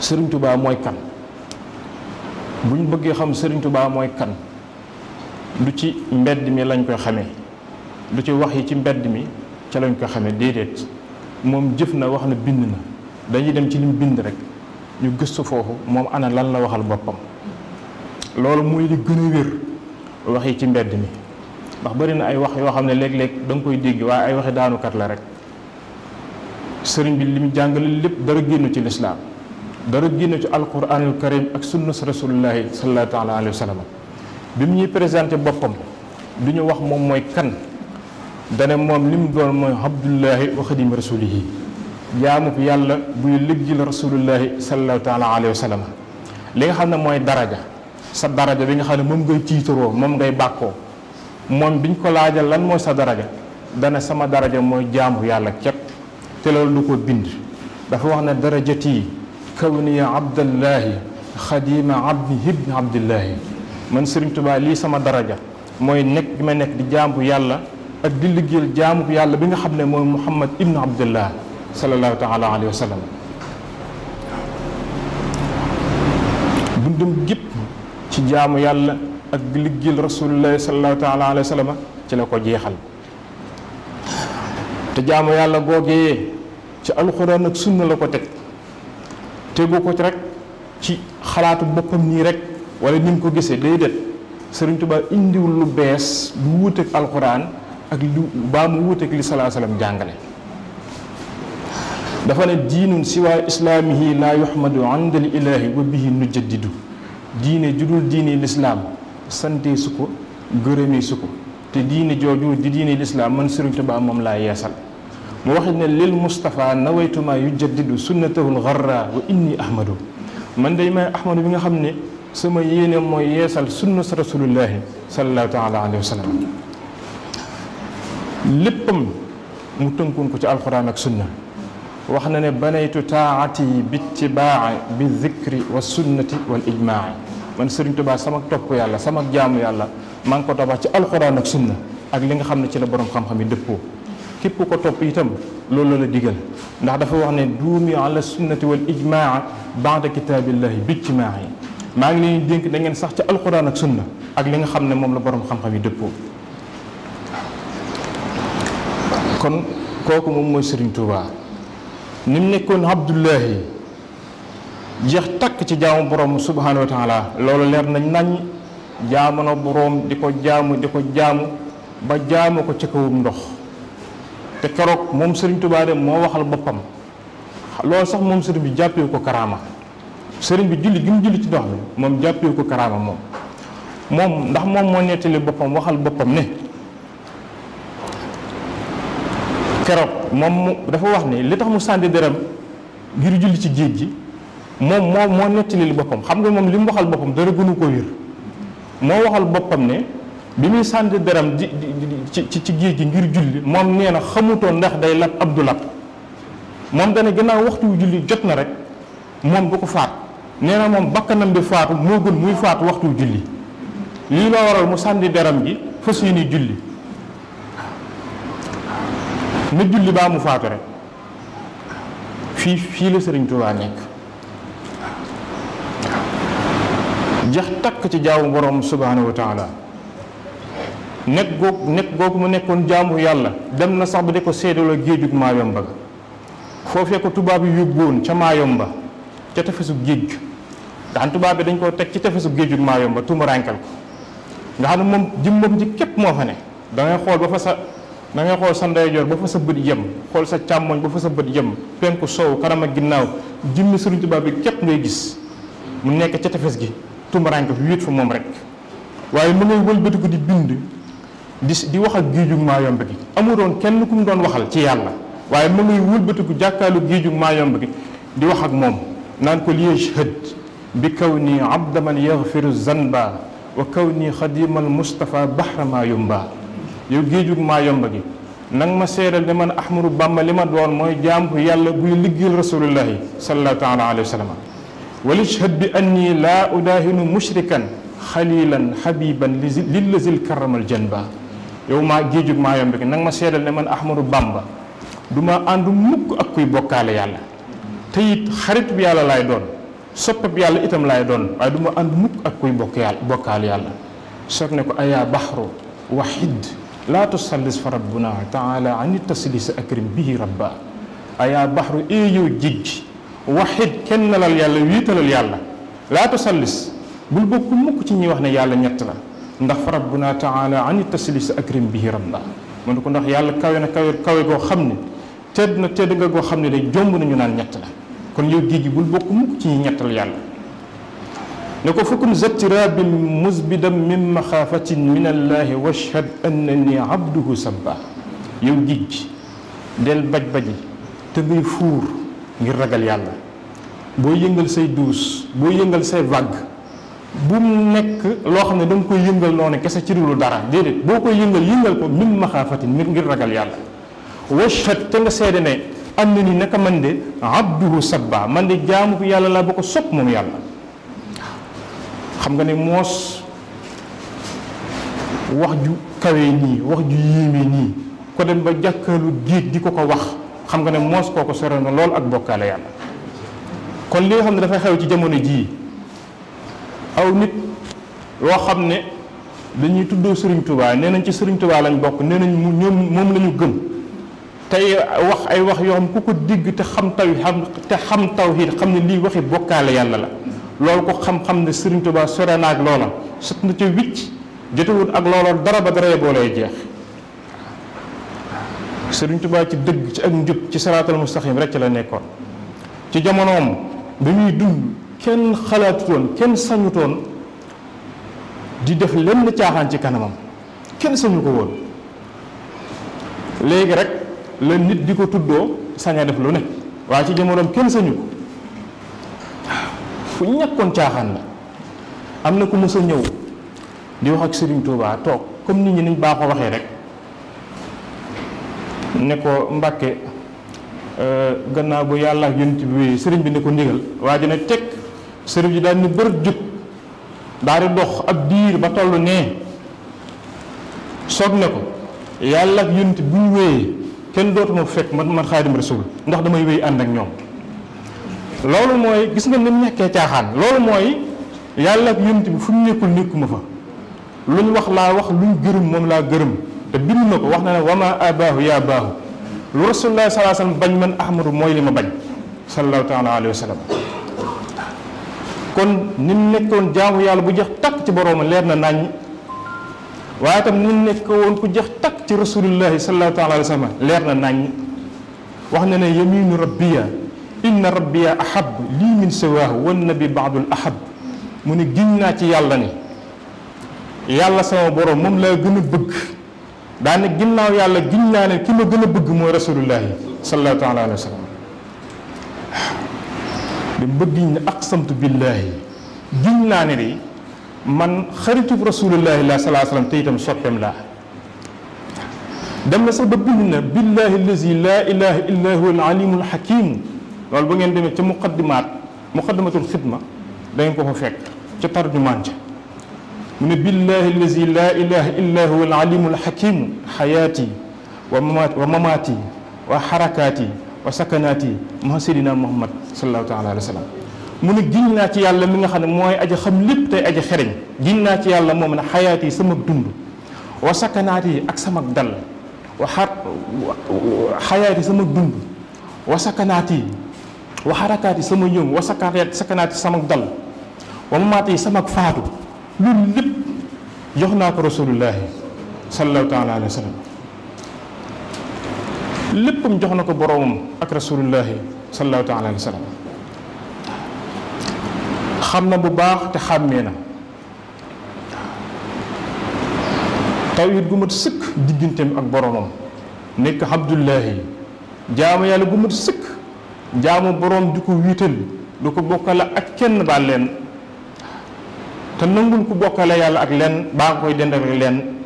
sëriñ Touba mooy kan bu ñu bëggee xam sëriñ Touba mooy kan du ci mbedd mi lañ koy xamee du ci wax yi ci mbedd mi ca lañ koy xamee déedéet moom jëf na wax na bind na dañuy dem ci lim bind rek ñu gëstu foofu moom ana lan la waxal boppam loolu mooy li gën wér wax yi ci mbedd mi ndax bari na ay wax yoo xam ne léeg-léeg da koy dégg waaye ay waxi daanukat la rek sëriñ bi li mu jàngale lépp dara génn ci lislaam dara génn ci alquranul karim ak sunna rasulullahi sallallahu taala alayhi wa sallam bi mu ñuy présenté boppam du ñu wax moom mooy kan dane moom li mu doon mooy abdullahi wa xadim rasulihi jaamu ko yàlla buy liggéeyal rasulullahi sallallahu taala alayhi wa sallam li nga xam ne mooy daraja sa daraja bi nga xam ne moom ngay tiitaroo moom ngay bàkkoo moom biñ ko laajal lan mooy sa daraja dana sama daraja mooy jaamu yàlla képp te loolu du ko bind dafa wax ne darajati كوني عبد الله خديم عبده ابن عبد الله من سيرن توبا لي سما درجه موي نيك بما نيك دي جامو يالا اك دي ليغيل جامو يالا بيغا خامني موي محمد ابن عبد الله صلى الله تعالى عليه وسلم بندم جيب تي جامو يالا اك دي ليغيل رسول الله صلى الله تعالى عليه وسلم تي لاكو جيخال تي جامو يالا غوغي تي القران اك لاكو تك tegu ko ci rek ci xalaatu boppam nii rek wala nim ko gisee day sëriñ Tuubaa indiwul lu bees lu wuuteeg alxuraan ak lu baa mu wuuteeg li salaa salaam jàngale dafa ne diinun siwaa islaamihi laa yuhmadu andal ilaahi wa bihi nujaddidu diine judul diine lislaam sante su ko gërëmee su ko te diine jooju di diine lislaam man sëriñ moom laa yeesal موحدنا للمصطفى نويتما يجدد سنته الغرة وإني أحمد من دائما أحمد بن خمني سما ينم ويسال سنة رسول الله صلى الله تعالى عليه وسلم لبم متنكون كتاب القرآن والسنة وحنا نبني تاعتي باتباع بالذكر والسنة والإجماع من سرين تبا سمك توب يالا سمك جام يالا من كتاب القرآن والسنة أجلين خمني تلا برم خم خمي دبو képp ko topp itam loolu la digal ndax dafa wax ne duumi ala sunnati wal ijmaa baada kitaabillahi bijtimaa yi maa ngi leen dénk da ngeen sax ci alquran ak sunna ak li nga xam ne moom la borom xam-xam yi dëppoo kon kooku moom mooy Serigne Touba ni mu nekkoon Abdullahi jeex takk ci jaamu borom subhanahu wa taala loolu leer nañ nañ jaamu na borom di ko jaamu di ko jaamu ba jaamu ko ci kawum ndox. te keroog moom sëriñ Tuubaa de moo waxal boppam loolu sax moom sëriñ bi jàppee ko karaama sëriñ bi julli gi mu julli ci ndox mi moom jàppee ko karaama moom moom ndax moom moo nettali boppam waxal boppam ne keroog moom mu dafa wax ne li tax mu sànni dërëm ngir julli ci géej gi moom moom moo nettali li boppam xam nga moom li mu waxal boppam dara gënu ko wér moo waxal boppam ne bi muy sànni deram di ci ci géej gi ngir julli moom nee na xamutoon ndax day lab ab du lab moom dana gannaaw waxtu wu julli jot na rek moom du ko faat nee na moom bakkanam bi faatu moo gën muy faatu waxtu wu julli lii la waral mu sànni deram gi fas yéene julli na julli baa mu faatu rek fii fii la Sëriñ Tuubaa nekk jax takk ci jaawu borom subhanahu wa taala nekk googu nekk googu mu nekkoon jaamu yàlla dem na sax ba di ko seedaloo géejug Maayomba ga foofee ko tubaab yi yóbbuwoon ca Maayomba ca tefesu géej nga xam tubaab bi dañ koo teg ci tefesu géejug Maayomba tumuraankal ko nga xam ne moom jëmmam ji képp moo fa ne dangay xool ba fa sa da ngay xool sa ndeyjoor ba fa sa bët yem xool sa càmmoñ ba fa sa bët yem penku sow kanam ak ginnaaw jëmmi sëriñ tubaab bi képp ngay gis mu nekk ca tefes gi tumuraanke fi wéet fa moom rek waaye di di wax ak géejug mayom bi gi amuloon kenn kum don waxal ci yàlla waye ma ngay wëlbatiku jàkkaalu géejug maa yomb gi di wax ak mom nan ko liyashhad bi kawni abda man yaghfiru zanba wa kawni xadimal mustafa bahra ma yumba yo géejug mayom bi nang ma seral ne man ahmadu bamma lima don moy mooy jaam bu yàlla buy liggéeyal rasulullahi sallallahu taala alayhi wa sallam ولاشهد بأني لا أداهن مشركا خليلا حبيبا للذي الكرم الجنبا yow ma géejug ma yomb ki nag ma sédal né man ahmadu bamba duma andu mukk ak kuy bokkaale yalla te xarit bi yalla lay doon bi yalla itam lay doon way duma andu mukk ak kuy bokk yalla bokkaale yalla sok né ko aya bahru wahid la tusallis fa rabbuna taala ani taslis akrim bihi rabba aya bahru e yow jijj wahid kennalal yalla witalal yalla la tusallis bul bokku mukk ci ñi wax né yalla ñett la ndax fa rabbuna taala ani taslis akrim bihi rabba mu ko ndax yàlla kawe na kawe kawe go xam ne tedd na tedd nga go xam ne day jomb ñu naan ñett la kon yow géej bul bokku mu ci ñettal yàlla nako ko fukkum muzbidam min makhafatin min allahi washhad annani abduhu sabba yow géej del baj baji te ngay fuur ngir ragal yàlla boo yëngal say douce boo yëngal say vague bu mu nekk loo xam ne da nga koy yëngal noonu kese ci dulu dara déedéet boo koy yëngal yëngal ko min maxaafatin ngir ragal yàlla washhad te nga seede ne am na ni naka man de abduhu sabba man de jaamu ko yàlla laa ba ko sopp moom yàlla xam nga ne moos wax ju kawee nii wax ju yéeme nii ko dem ba jàkkaalu géej di ko ko wax xam nga ne moos kooko sore na lool ak bokkaale yàlla kon li xam ne dafay xew ci jamono jii aw nit yoo xam ne dañuy tuddoo sëriñ tubaa nee nañ ci Serigne Touba lañ bokk nee nañ mu ñoom moom la ñu gëm tey wax ay wax yoo ku ko digg te xam taw xam te xam tawhid xam ne lii waxi bokkaale yàlla la loolu ko xam-xam ne Serigne Touba sore na ak loola sot na ca wicc jotewut ak loola dara ba dara boo lay jeex sëriñ Touba ci dëgg ci ak njub ci saraatal mustaqim rek ci la nekkoon ci jamonoom bi dund kenn xalaatutoon kenn sañutoon di def lenn caaxaan ci kanamam kenn sañu ko woon léegi rek la nit di ko tuddoo sañ def lu ne waaye ci jamonoom kenn sañu ko fu ñekkoon caaxaan la am na ku mës a ñëw di wax ak Serigne Touba toog comme nit ñi niñ baaxoo waxee rek ne ko Mbàkke euh, gannaaw bu yàlla ak yonent bi sëriñ bi ne ko ndigal waa ji teg sëriñ bi daal ni bër jug daal di dox ab diir ba toll nee soog ne ko yàlla ak yunt bu ñu wéyee kenn dootuma fekk man man xaadim rasul ndax damay wéy ànd ak ñoom loolu mooy gis nga ni mu nekkee caaxaan loolu mooy yàlla ak yunt bi fu nekkul nekkuma fa lu ñu wax laa wax lu ñu gërëm moom laa gërëm te bind na ko wax na ne wama abaahu yaa baahu lu rasulullah salaa sallam bañ man ahmadu mooy li ma bañ sallallahu taala alayhi wa sallam kon ni mu nekkoon jaamu yàlla bu jeex takk ci borooma leer na naññ waaye itam ni mu ku jeex takk ci rasulullahi sallallahu taala alayhi wa sallam leer na naññ wax na ne yaminu rabbiya inna rabbiya ahab lii min siwaahu wan nabi baadul mu ne giñ naa ci yàlla ni yàlla sama borom moom laa gën a bëgg daane yàlla giñ naa ne ki gën a bëgg mooy rasulullahi sallallahu taala alayhi wa sallam dem ba giñ ne aqsamtu billahi giñ naa ne de man xaritub rasulillahi la salaa salaam te itam soppeem laa dem na sax ba bind na billahi allazi la ilaha illa huwa al alimul hakim loolu ba ngeen demee ca muqaddimaat muqaddimatul xidma da ngeen ko fa fekk ca tarjumaan ca mu ne billahi allazi la ilaha illa huwa al alimul hakim xayaati wa mamaati wa xarakaati وسكناتي مسيرنا محمد صلى الله تعالى عليه وسلم من جينا تي الله من خن موي اجي خم لب تي اجي خرين جينا تي الله مو من حياتي سما دوند وسكناتي اك سما دال وحر حياتي دوند وسكناتي وحركاتي سما يوم وسكنات سكناتي سما دال ومماتي سما فاتو لول لب يخنا رسول الله صلى الله عليه وسلم léppam jox na ko boroomam ak rasulullahi sallallahu taala alayhi wa sallam xam na bu baax te xàmmee na taw it gu mat sëkk digganteem ak boroomam nekk abdullahi jaamu yàlla gu mat sëkk jaamu boroom di ko wiital du ko bokkale ak kenn ba leen te nangul ku bokkale yàlla ak leen baa nga koy dendal ak leen